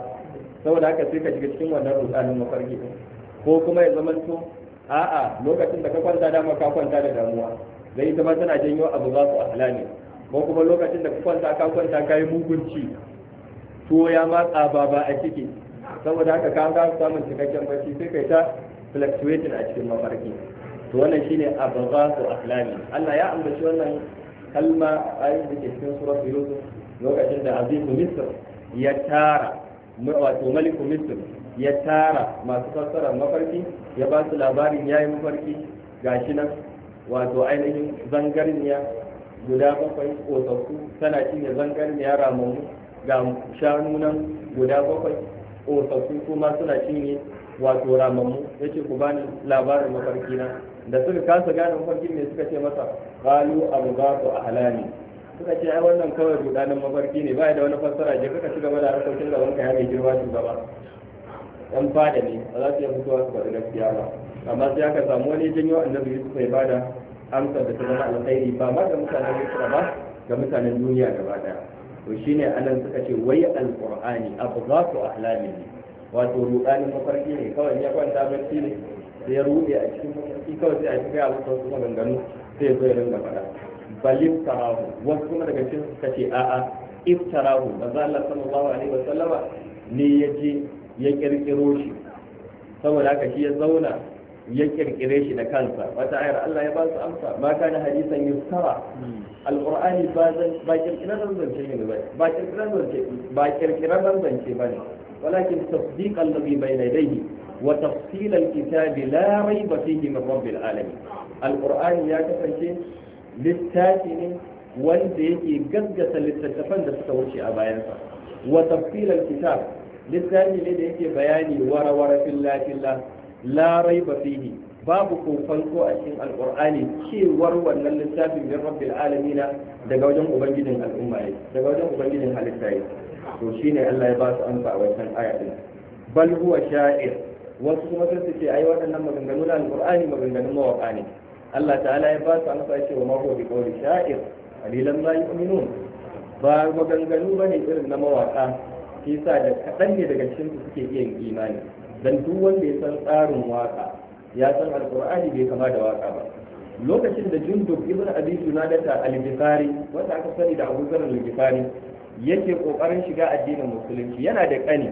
saboda haka sai ka shiga cikin wannan rudanin mafarki din ko kuma ya zama to a'a lokacin da ka kwanta dama ka kwanta da damuwa zai ita ma tana janyo abu za su ahla ne ko kuma lokacin da ka kwanta ka kwanta ka yi mugunci tuwo ya matsa ba ba a ciki saboda haka kan ga samun cikakken bacci sai kai ta fluctuating a cikin mafarki to wannan shine abghatu ahlami Allah ya ambaci wannan kalma ayin da ke cikin surat yusuf lokacin da azizu misr ya tara wato maliku misr ya tara masu fassarar mafarki ya ba su labarin yayi mafarki gashi nan wato ainihin zangarniya guda bakwai ƙosassu tana cinye zangarniya ramamu ga shanu nan guda bakwai tsofaffi kuma suna cinye wato ramammu yace ku bani labarin mafarki na da suka kasa gane mafarki ne suka ce masa qalu a ahlami suka ce ai wannan kawai rudanin mafarki ne bai da wani fassara je kaka shiga da harkokin da wanka ya mai girma shugaba dan fada ne ba za su iya fitowa su faɗi gaskiya ba amma sai aka samu wani janyo annabi Yusuf ya bada amsar da ta zama alkhairi ba ma ga mutanen Misra ba ga mutanen duniya gaba daya to shine anan suka ce wai abu alqur'ani abghatu ahlamin wato rudanin mafarki ne kawai ya kwanta barci ne sai ya rude a cikin mafarki kawai sai a shiga a wasu maganganu sai ya zo ya rinka faɗa balif tarahu wasu kuma daga cikin suka ce a'a if iftarahu manzo Allah sallallahu alaihi wasallama ne ya je ya ƙirƙiro shi saboda haka shi ya zauna ya kirkire shi da kansa wata ayar Allah ya ba su amsa ma kana hadisan yusara alqur'ani ba zan ba kirkiran zance ne ba ba kirkiran ce ba kirkiran zance ba ne walakin tasdiq alladhi bayna yadayhi wa tafsil alkitab la rayba fihi min rabbil alamin alqur'ani ya kasance littafi ne wanda yake gaggata littattafan da suka wuce a bayansa wa tafsil alkitab littafi ne da yake bayani wara wara fillah fillah Larai raiba fihi babu ko a cikin Alƙur'ani, cewar wannan littafin min rabbil alamin daga wajen ubangijin al'umma ne daga wajen ubangijin halitta ne to shine Allah ya ba su amsa a wannan aya din bal huwa sha'ir wasu kuma sai su ce ai waɗannan maganganu na alqur'ani maganganun mawaƙa ne Allah ta'ala ya ba su amsa ya ce wa ma huwa bi qawli sha'ir qalilan ma yu'minun ba maganganu bane irin na mawaƙa. shi yasa da kaɗan ne daga cikin su suke iya imani dan duk wanda ya san tsarin waka ya san alqur'ani bai kama da waka ba lokacin da jundub ibn abi junadata al-bukhari wanda aka sani da abu zar al-bukhari yake kokarin shiga addinin musulunci yana da kani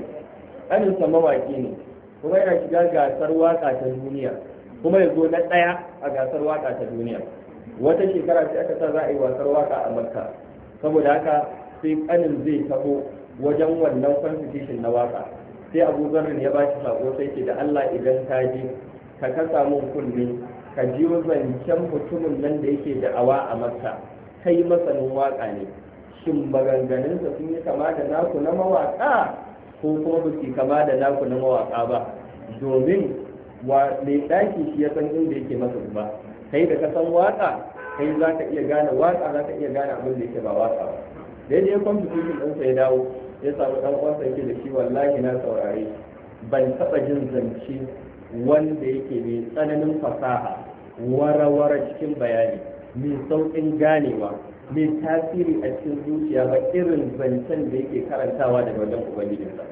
kanin sa mawaki ne kuma yana shiga gasar waka ta duniya kuma ya zo na daya a gasar waka ta duniya wata shekara sai aka sa za a yi wasar waka a makka saboda haka sai kanin zai taho wajen wannan competition na waka sai abu zarrin ya bashi sako sai ke da allah idan ka ji ka kasa mun kunne ka ji zancen mutumin nan da yake awa a masa kai masanin waka ne shin maganganunsa sun yi kama da naku na mawaka ko kuma ba su kama da naku na mawaka ba domin wa mai daki shi ya san inda yake masa ba kai da ka san waka kai za ka iya gane waka za ka iya gane abin da yake ba waka ba daidai kwamfutin ɗinsa ya dawo ya samu dan uwansa yake da shi wallahi na saurare ban taba jin zance wanda yake mai tsananin fasaha wara-wara cikin bayani mai sauƙin ganewa mai tasiri a cikin zuciya ba irin zancen da yake karantawa daga wajen ubangijinsa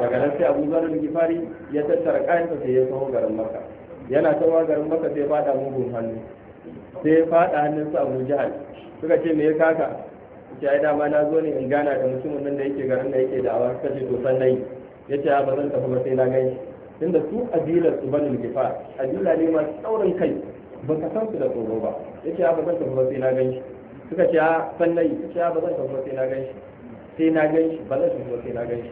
daga nan sai abu zarar gifari ya tattara kayansa sai ya taho garin maka yana tawa garin maka sai fada mugun hannu sai fada hannunsa abu jihar suka ce me ya kaka ce ai dama na zo ne in gana da mutumin nan da yake garin da yake da'awa suka ce to san nayi ya ce ah, ba zan tafi ba sai na gani tunda su abilar su banul gifa abila ne masu tsaurin kai ba ka san su da tsoro ba ya ce ah, ba zan tafi ba sai na gani suka ce ah, san nayi ya ce ba zan tafi ba sai na gani sai na gani ba zan tafi ba sai na gani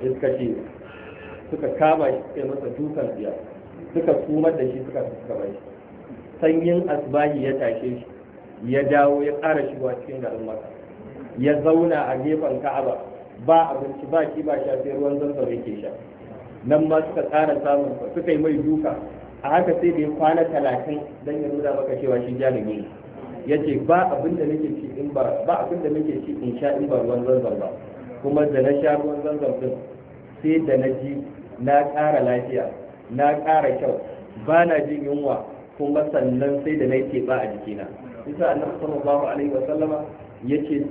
ya suka ce suka kama shi suka masa dukan tsiya suka sumar da shi suka suka bai sanyin asbahi ya tashe shi ya dawo ya ƙara shigowa cikin garin maka ya zauna a gefen ka'aba ba abinci ba ki ba sha sai ruwan zanzaro yake sha nan ma suka ƙara samun suka yi mai duka a haka sai da ya kwana talatin don ya nuna maka cewa shi jarumi ne ya ce ba abin da nake ci in ba ba abin da nake ci in sha in ba ruwan zanzan ba kuma da na sha ruwan zanzan din sai da na ji na ƙara lafiya na ƙara kyau ba na jin yunwa kuma sannan sai da na ke ba a jikina isa annabi sallallahu alaihi wa sallama yace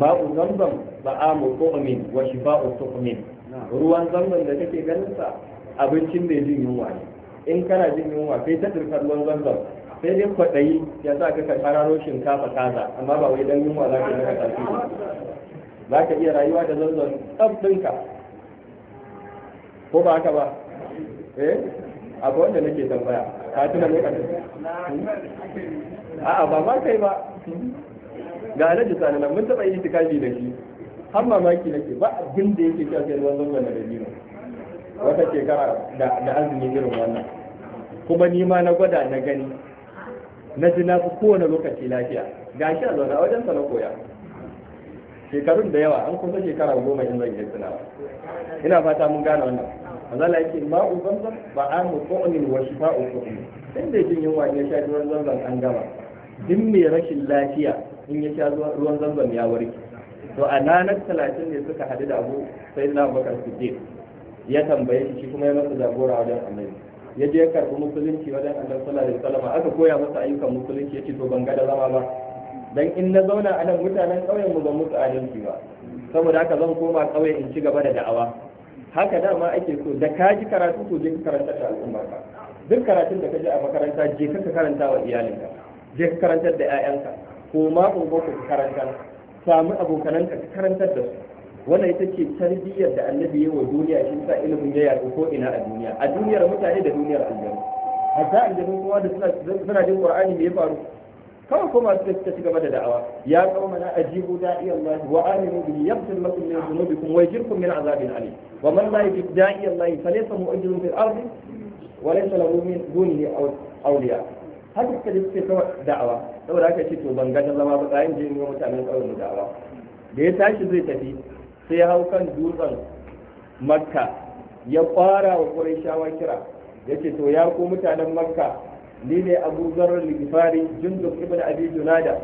ma'u zamzam ba'amu tu'min wa shifa'u tu'min ruwan zamzam da kake ganin sa abincin mai jin yunwa ne in kana jin yunwa sai ta turkar ruwan zamzam sai dai kwaɗayi ya sa ka kararo shinkafa kaza amma ba wai dan yunwa za ka yi maka ba za ka iya rayuwa da zanzan tsaf ɗinka ko ba haka ba eh akwai wanda nake tambaya ka tuna lokacin a'a ba ma kai ba ga alhaji sani nan mun taɓa yi tikafi da shi har mamaki nake ba abin da yake cewa sai ruwan zangon da dabino wata shekara da azumi irin wannan kuma ni ma na gwada na gani na ji na fi kowane lokaci lafiya ga shi a zaune a wajen na koya shekarun da yawa an kusa shekara goma in zan yi tunawa ina fata mun gane wannan Allah yake ba a ba'amu tu'min wa shifa'u tu'min inda jin yunwa ne sha ruwan zamzam an gama duk mai rashin lafiya in ya sha ruwan zamzam ya warke to a nanar talatin ne suka haɗu da abu sai na bakar siddiq ya tambaye shi shi kuma ya masa jagora wajen annabi ya je ya musulunci wajen annabi sallallahu alaihi wasallam aka koya masa ayyukan musulunci ya ce to ban ga da zama ba dan in na zauna a nan mutanen ƙauyen mu ban musu adalci ba saboda haka zan koma ƙauye in ci gaba da da'awa haka dama ake so da ka ji karatu to je ka karanta da al'umma ka duk karatun da ka ji a makaranta je ka karanta wa iyalinka je ka karantar da 'ya'yanka ko ma ungo ka karantar samu abokananka ka karantar da su wannan ita ce tarbiyyar da annabi ya wa duniya shi sa ilimin ya yaɗu ko ina a duniya a duniyar mutane da duniyar aljanu hatta aljanu kuma da suna suna jin qur'ani me ya faru kawai kuma suka ta ci gaba da da'awa ya qauma na ajibu da'i Allah wa aminu bi yaghfir lakum min dhunubikum wa yajirkum min azabin alim wa man la yajib da'i Allah falaysa mu'ajjirun fil ardi wa laysa lahu min dunihi awliya haka da suke kawai da'awa saboda haka ce to ban ga zama ba tsayin je ne mutanen kawai da'awa da ya tashi zai tafi sai ya hau kan dutsen makka ya kwara wa shawar kira ya ce to ya ko mutanen makka ni ne abu zarar ligifari jundub ibn abi da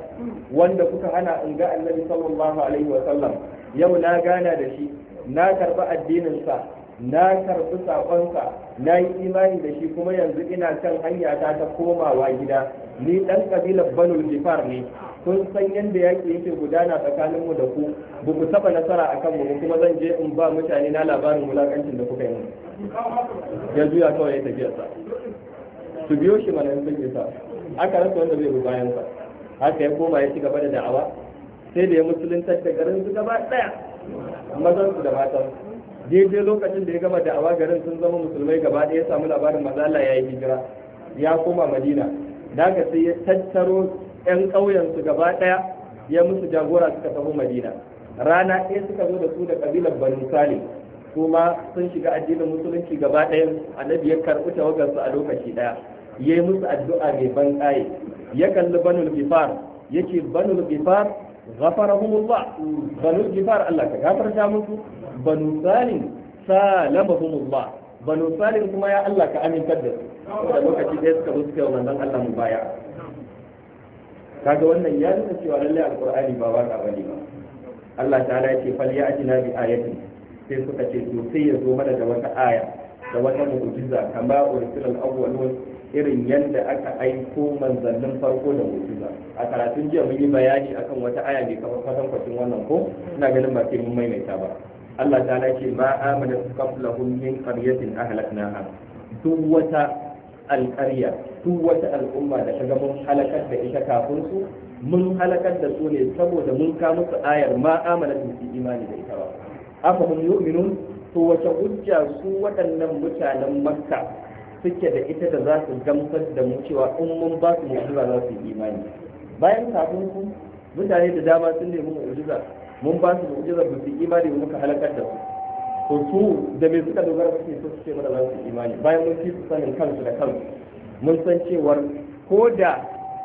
wanda kuka hana in ga annabi sallallahu alaihi wa sallam yau na gana da shi na karɓi addininsa na karɓi saƙonsa na yi imani da shi kuma yanzu ina kan hanya ta ta komawa gida ni dan kabilar banul jifar ne kun san yadda yaƙi yake gudana tsakanin mu da ku ba ku taɓa nasara a kanmu ba kuma zan je in ba mutane na labarin wulaƙancin da kuka yi yanzu ya juya kawai ya tafiya sa su biyo shi mana sun sa aka rasa wanda zai bi bayan sa haka ya koma ya ci gaba da da'awa sai da ya musulunta da garin su gaba ɗaya mazan su da matan su daidai lokacin da ya gama da'awa garin sun zama musulmai gaba ɗaya ya samu labarin mazala ya yi hijira ya koma madina daga sai ya tattaro 'yan ƙauyensu gaba ɗaya ya musu jagora suka tafi madina rana ɗaya suka zo da su da ƙabilar banu salim kuma sun shiga addinin musulunci gaba ɗaya annabi ya karɓi tawagarsu a lokaci ɗaya ya yi musu addu'a mai ban ya kalli banul Ya yake banul bifar ghafarahumullah banu gifar Allah ka gafarta musu banu salim salamahumullah banu salim kuma ya Allah ka amintar da su da lokaci da suka muska wannan Allah mu baya kaga wannan ya nuna cewa lallai alqur'ani ba waka bane ba Allah ta'ala ya ce fal ya'tina bi ayatin sai suka ce to sai ya zo mana da wata aya da wata mu'jiza kama ursilal awwalun irin yadda aka aiko manzannin farko da mu'jiza a karatun jiya mun yi bayani akan wata aya ne kamar fatan kwacin wannan ko ina ganin ba sai mun maimaita ba Allah ta ce ma amana qablahum min qaryatin ahlaknaha duk wata alƙarya duk wata al'umma da ta gaban halakar da ita kafin su mun halakar da su ne saboda mun ka musu ayar ma amana su imani da ita ba afa yu'minun to wace hujja su waɗannan mutanen makka suke da ita da za su gamsar da mu cewa in mun ba su mu'jiza za su yi imani bayan kafin ku mutane da dama sun nemi mu'ujiza mun ba su mu'ujiza ba su yi imani ba muka halakar da su to su da me suka dogara suke so su ce mana za su yi imani bayan mun fi su sanin kansu da kansu mun san cewar ko da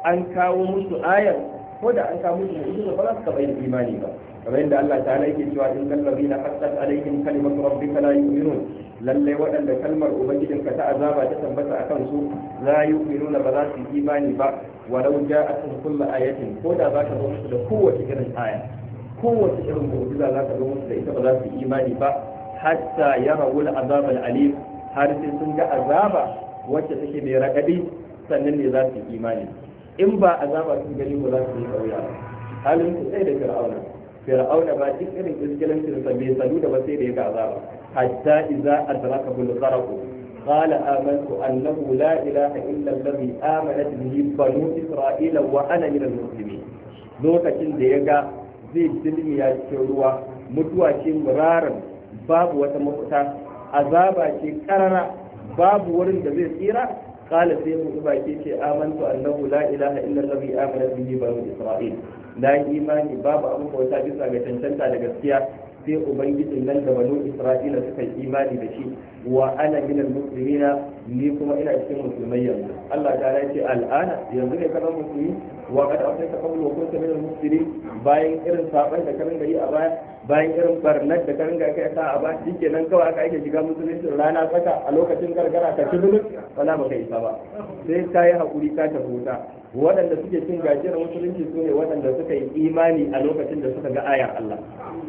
an kawo musu ayar ko da an kawo musu mu'ujiza ba za su taɓa yin imani ba kamar yadda Allah ta yake cewa in kallabi na haqqat alaihim kalimatu rabbika la yu'minun lalle waɗanda kalmar ubangijin ka ta azaba ta tabbata akan su la yu'minuna ba za su yi imani ba walau ja'atun kullu ayatin ko da za ka zo musu da kowace irin aya kowace irin mu'jiza za ka zo musu da ita ba za su yi imani ba hatta yarawul azab al-alim har sai sun ga azaba wacce take mai raɗaɗi sannan ne za su yi imani in ba azaba sun gani ba za su yi ƙauya halin su sai da fir'auna fir'auna ba duk irin iskilancin sa bai sanu da ba sai da ya ga azaba hatta idza adraka bil gharq qala amantu annahu la ilaha illa allazi amanat bihi banu isra'ila wa ana minal muslimin lokacin da ya ga zai dilmiya cikin ruwa mutuwa ce muraran babu wata mafita azaba ce karara babu wurin da zai tsira قال سيدنا أبي كيتي آمنت أنه لا إله إلا الذي آمنت به بنو إسرائيل na imani babu abin bauta bisa ga cancanta da gaskiya sai ubangijin nan da banu isra'ila suka yi imani da shi wa ana min almuslimina ni kuma ina cikin musulmai yanzu Allah ta ya ce al'ana yanzu ne kana musulmi wa a afsaka ta wa kunta min almuslimin bayan irin saban da karin da yi a baya bayan irin barnar da karin ga kai sa a ba shi kenan kawai aka ake shiga musulunci rana tsaka a lokacin gargara ta ci bulus wala ba kai ba sai ta yi hakuri ka ta huta waɗanda suke cin gajiyar musulunci su ne waɗanda suka yi imani a lokacin da suka ga ayar Allah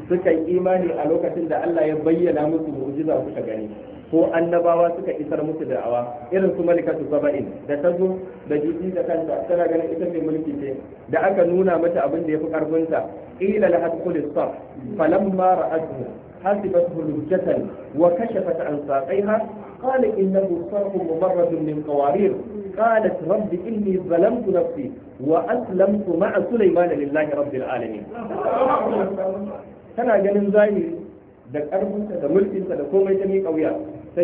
suka yi imani a lokacin da Allah ya bayyana musu mu'jiza suka gani ko annabawa suka isar musu da'awa irin su malikatu saba'in da ta zo da jiji da kanta tana ganin ita mai mulki ce da aka nuna mata abin da ya yafi karfinta qila lahat qul saf falamma ra'atuhu hasibatuhu lujjatan wa kashafat an saqaiha قال إنه صرف ممرد من قوارير قالت رب إني ظلمت نفسي وأسلمت مع سليمان لله Rabbil العالمين tana ganin zahiri da ƙarfinsa da mulkinsa da komai ta miƙa wuya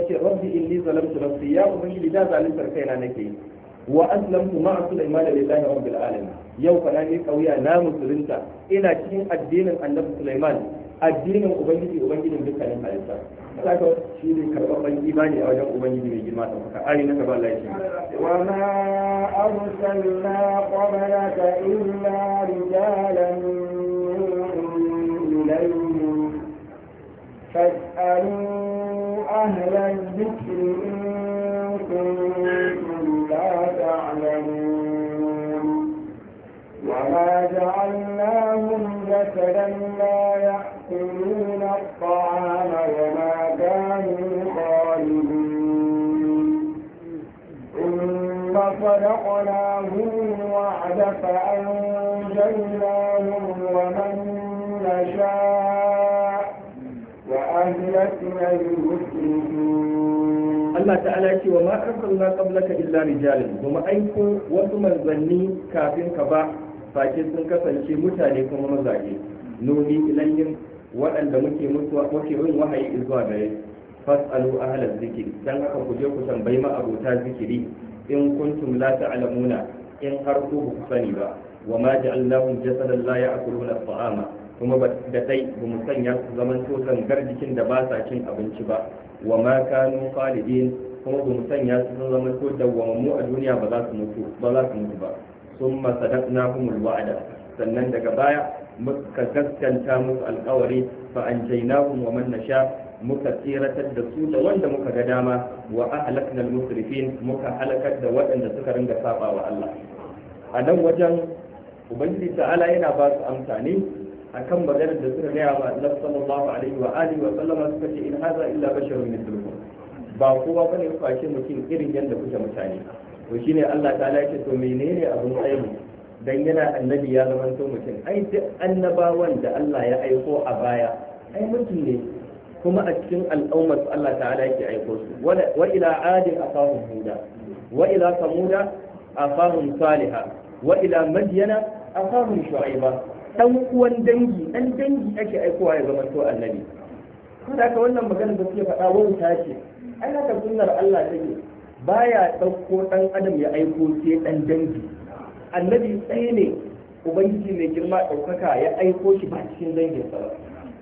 take rabbi inni zalamtu nafsi ya ubangiji da zalimtar kaina nake yi wa aslamtu ma'a sulaiman lillahi rabbil alamin yau fa na ni kauya na musulunta ina cikin addinin annabi sulaiman addinin ubangiji ubangijin dukkanin halitta saka shi ne karɓaɓɓen imani a wajen ubangiji mai girma da maka ari na gaba lafiya wa ma arsalna qablaka illa rijalan ilayhim fas'alu أهل الذكر إن كنتم لا تعلمون وما جعلناهم جسدا لا يأكلون الطعام وما كانوا خالدين ثم صدقناهم الوعد فأنجيناهم ومن نشاء Allah ta'ala ce wa ma'arsalna ƙablaka illa rijalin kuma aiko wasu manzanni kafin ka ba fake sun kasance mutane kuma mazaje nuni ilayin waɗanda muke mutuwa muke yin wahayi zuwa gare fasalu ahla zikiri dan haka ku je ku tambayi ma'abota zikiri in kuntum la alamuna in har ko ku sani ba wa ma ja'alnahum jasadan la ya'kuluna at-ta'ama kuma da dai ba mu sanya su zaman to gangar jikin da ba sa cin abinci ba wa ma kanu khalidin kuma ba mu sanya su sun zama da dawwamammu a duniya ba za su mutu ba za su mutu ba sun masadaqnahumul wa'ada sannan daga baya muka gaskanta musu alkawari fa anjaynahum wa man nasha muka tsiratar da su da wanda muka ga dama wa ahlakna al-musrifin muka halakar da waɗanda suka ringa saba wa Allah a nan wajen ubangiji ta'ala yana ba su amfani. akan maganar da suka gaya wa Allah sallallahu alaihi wa alihi wa sallama suka ce in haza illa basharun mithlukum ba kowa bane kwace mutum irin yadda kuke mutane to shine Allah ta yake to menene abin tsayi dan yana annabi ya zama to mutum ai duk annabawan da Allah ya aiko a baya ai mutum ne kuma a cikin al'ummar Allah ta'ala yake aiko su wa ila adin akahum huda wa ila samuda akahum salihah wa ila madyana akahum shu'aiba dan uwan dangi dan dangi ake aikowa ya zama to annabi kada ka wannan magana da suke faɗa wani ce ai haka sunnar Allah take baya ɗauko ɗan adam ya aiko sai ɗan dangi annabi tsaye ne ubangiji mai girma ɗaukaka ya aiko shi ba cikin danginsa ba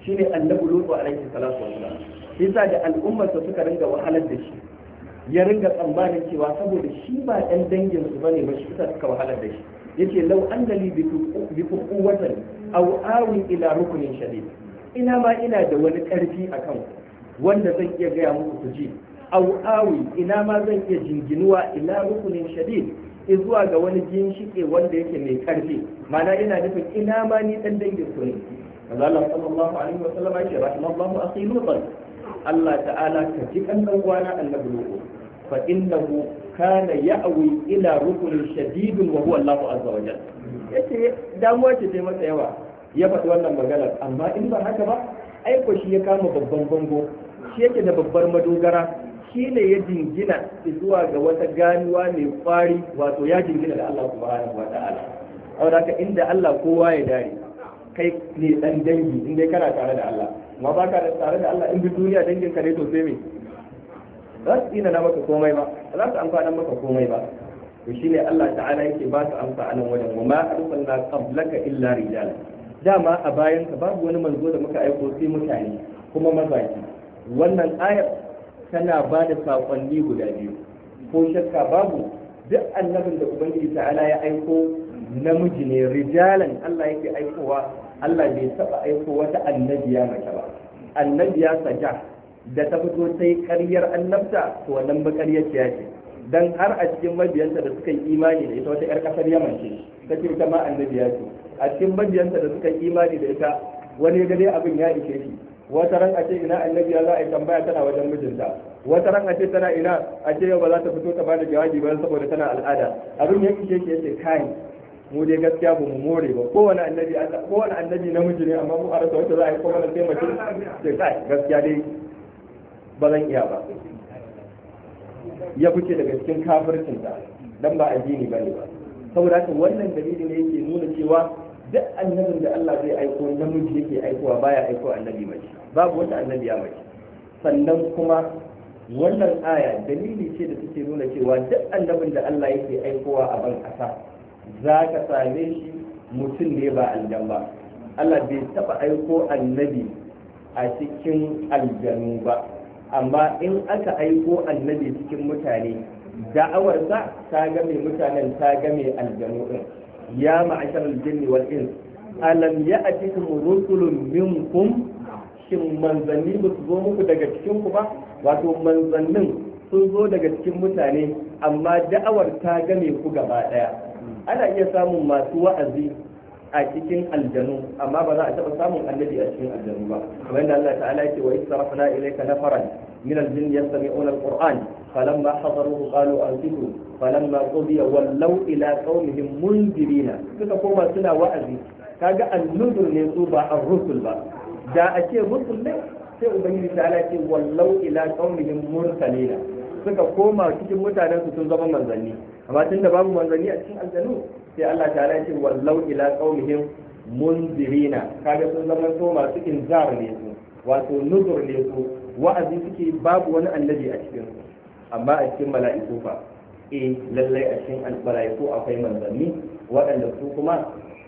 shine annabi lutu alaihi salatu wasalam yasa da al'ummarsa suka ringa wahalar da shi ya ringa tsammanin cewa saboda shi ba ɗan danginsu ba ne ba shi suka wahalar da shi yace law annali bi quwwatin aw awi ila rukunin shadid ina ma ina da wani karfi akan wanda zan iya gaya muku su ji aw awi ina ma zan iya jinginuwa ila rukunin shadid zuwa ga wani ginshike wanda yake mai karfi mana ina nufin ina ma ni dan dangin ku ne kaza Allah sallallahu alaihi wa sallam ya rahimallahu akhi lutan Allah ta'ala ka ji kan dan gwana annabi lutan fa innahu kana يأوي ila rukunin shadidun wa الله Allahu azza wa دامو yace damuwa ce ta masa yawa ya faɗi wannan magana amma in ba haka ba ai shi ya kama babban bango shi yake da babbar madogara shi ne ya jingina zuwa ga wata ganuwa mai fari wato ya jingina da Allah subhanahu wa ta'ala inda Allah kowa ya dare kai ne dan dangi in dai kana tare da Allah ma ba ka tare da Allah in bi duniya dangin ka ne to sai me za su tsina maka komai ba za su amfana maka komai ba to shine Allah ta'ala yake ba su amsa anan wajen wa ma arsalna qablaka illa rijalan dama a bayan ka babu wani manzo da muka aiko sai mutane kuma mazaji wannan ayar tana ba da sakonni guda biyu ko shakka babu duk annabin da ubangiji ta'ala ya aiko namiji ne rijalan Allah yake aikowa Allah bai taba aiko wata annabiya mace ba annabiya saja da ta fito sai karyar annabta to wannan bakaryar ta ce dan har a cikin mabiyanta da suka yi imani da ita wata yar kasar yaman ce ta ce ita ma annabi ya ce a cikin mabiyanta da suka yi imani da ita wani ga dai abin ya ishe shi wata ran a ce ina annabi za a yi tambaya tana wajen mijinta wata ran a ce tana ina a ce yau ba za ta fito ta bada jawabi ba saboda tana al'ada abin ya ishe shi yace kai mu dai gaskiya ba mu more ba kowane annabi kowane annabi namiji ne amma mu a rasa wata za a yi kuma na sai mace ce kai gaskiya dai ba zan iya ba ya fice daga cikin kafircin ta dan ba addini bane ba saboda haka wannan dalili ne yake nuna cewa duk annabin da Allah zai aiko namiji yake aikowa baya aiko annabi mace babu wata annabiya mace sannan kuma wannan aya dalili ce da take nuna cewa duk annabin da Allah yake aikowa a ban kasa za ka same shi mutum ne ba aljan ba Allah bai taba aiko annabi a cikin aljanu ba amma in aka aiko annabi cikin mutane da'awarsa ta game mutanen ta game aljanu din ya ma'ashar aljinni wal ins alam ya'tikum rusulun minkum shin manzanni ba su zo muku daga cikin ku ba wato manzannin sun zo daga cikin mutane amma da'awar ta game ku gaba daya ana iya samun masu wa'azi a cikin aljanu amma ba za a taɓa samun annabi a cikin aljanu ba kamar yadda Allah ta'ala yake wa istarafna ilayka nafaran min aljin yastami'una alquran falamma hadaruhu qalu anfitu falamma qudiya wallaw ila qaumihim mundirina suka koma suna wa'azi kaga annuzur ne su ba ar-rusul ba da a ce rusul ne sai ubangiji ta'ala ce wallaw ila qaumihim mursalina suka koma cikin mutanen su sun zama manzanni amma tunda babu manzanni a cikin aljanu sai Allah ta'ala ya ce wallau ila qaumihim munzirina kaga sun zama to masu inzar ne su wato nuzur ne su wa'azi suke babu wani annabi a cikin amma a cikin mala'iku fa eh lallai a cikin mala'iku akwai manzanni waɗanda su kuma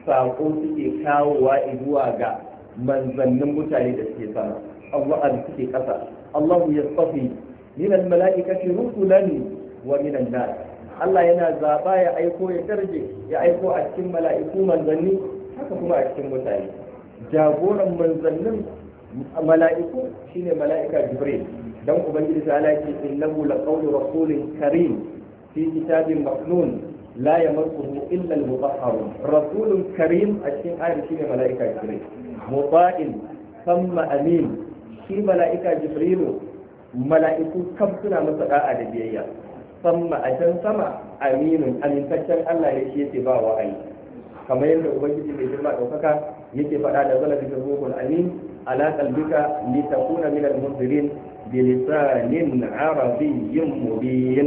saƙo suke kawowa zuwa ga manzannin mutane da suke sama Allah an suke ƙasa Allahu yastafi min al-mala'ikati rusulan wa min an-nas Allah yana zaɓa ya aiko ya tarje ya aiko a cikin mala'iku manzanni haka kuma a cikin mutane jagoran manzannin mala'iku shine mala'ika jibril dan ubangiji ta ala ce innahu laqawlu rasulin karim fi kitabin maknun la yamassuhu illa al-mutahharun rasulun karim a cikin ayar shine mala'ika jibril Muba'in thumma amin shi mala'ika jibril mala'iku kam suna masa da'a da biyayya samma a can sama aminu amintaccen Allah ya shi ce ba wa'ayi kamar yadda ubangiji mai girma ɗaukaka yake faɗa da zala da ruhul amin ala qalbika li takuna min al munzirin bi lisanin arabiyyin mubin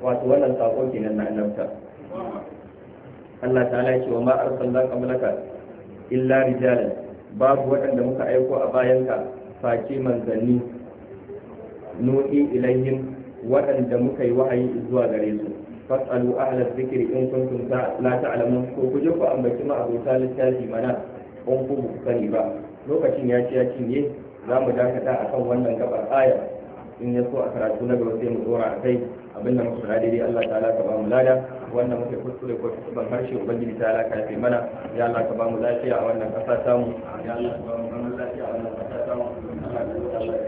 wato wannan sako kenan na annabta Allah ta'ala ya ce wa ma arsalna qablaka illa rijalan babu waɗanda muka aiko a bayanka face manzanni nu'i ilayhim waɗanda muka yi wahayi zuwa gare su fasalu ahla zikri in kuntum la ta'lamun ko ku je ku ambaci ma abota littafi mana in ku sani ba lokacin ya ce ya cinye za mu dakata akan wannan gabar aya in ya so a karatu na gaba sai mu dora a kai abin da muka daidai Allah ta'ala ka ba mu lada wannan muke kuskure ko ban harshe ubangiji ta'ala ka yafe mana ya Allah ka ba mu lafiya a wannan kasa tamu ya Allah ka ba mu lafiya a wannan kasa tamu Allah ka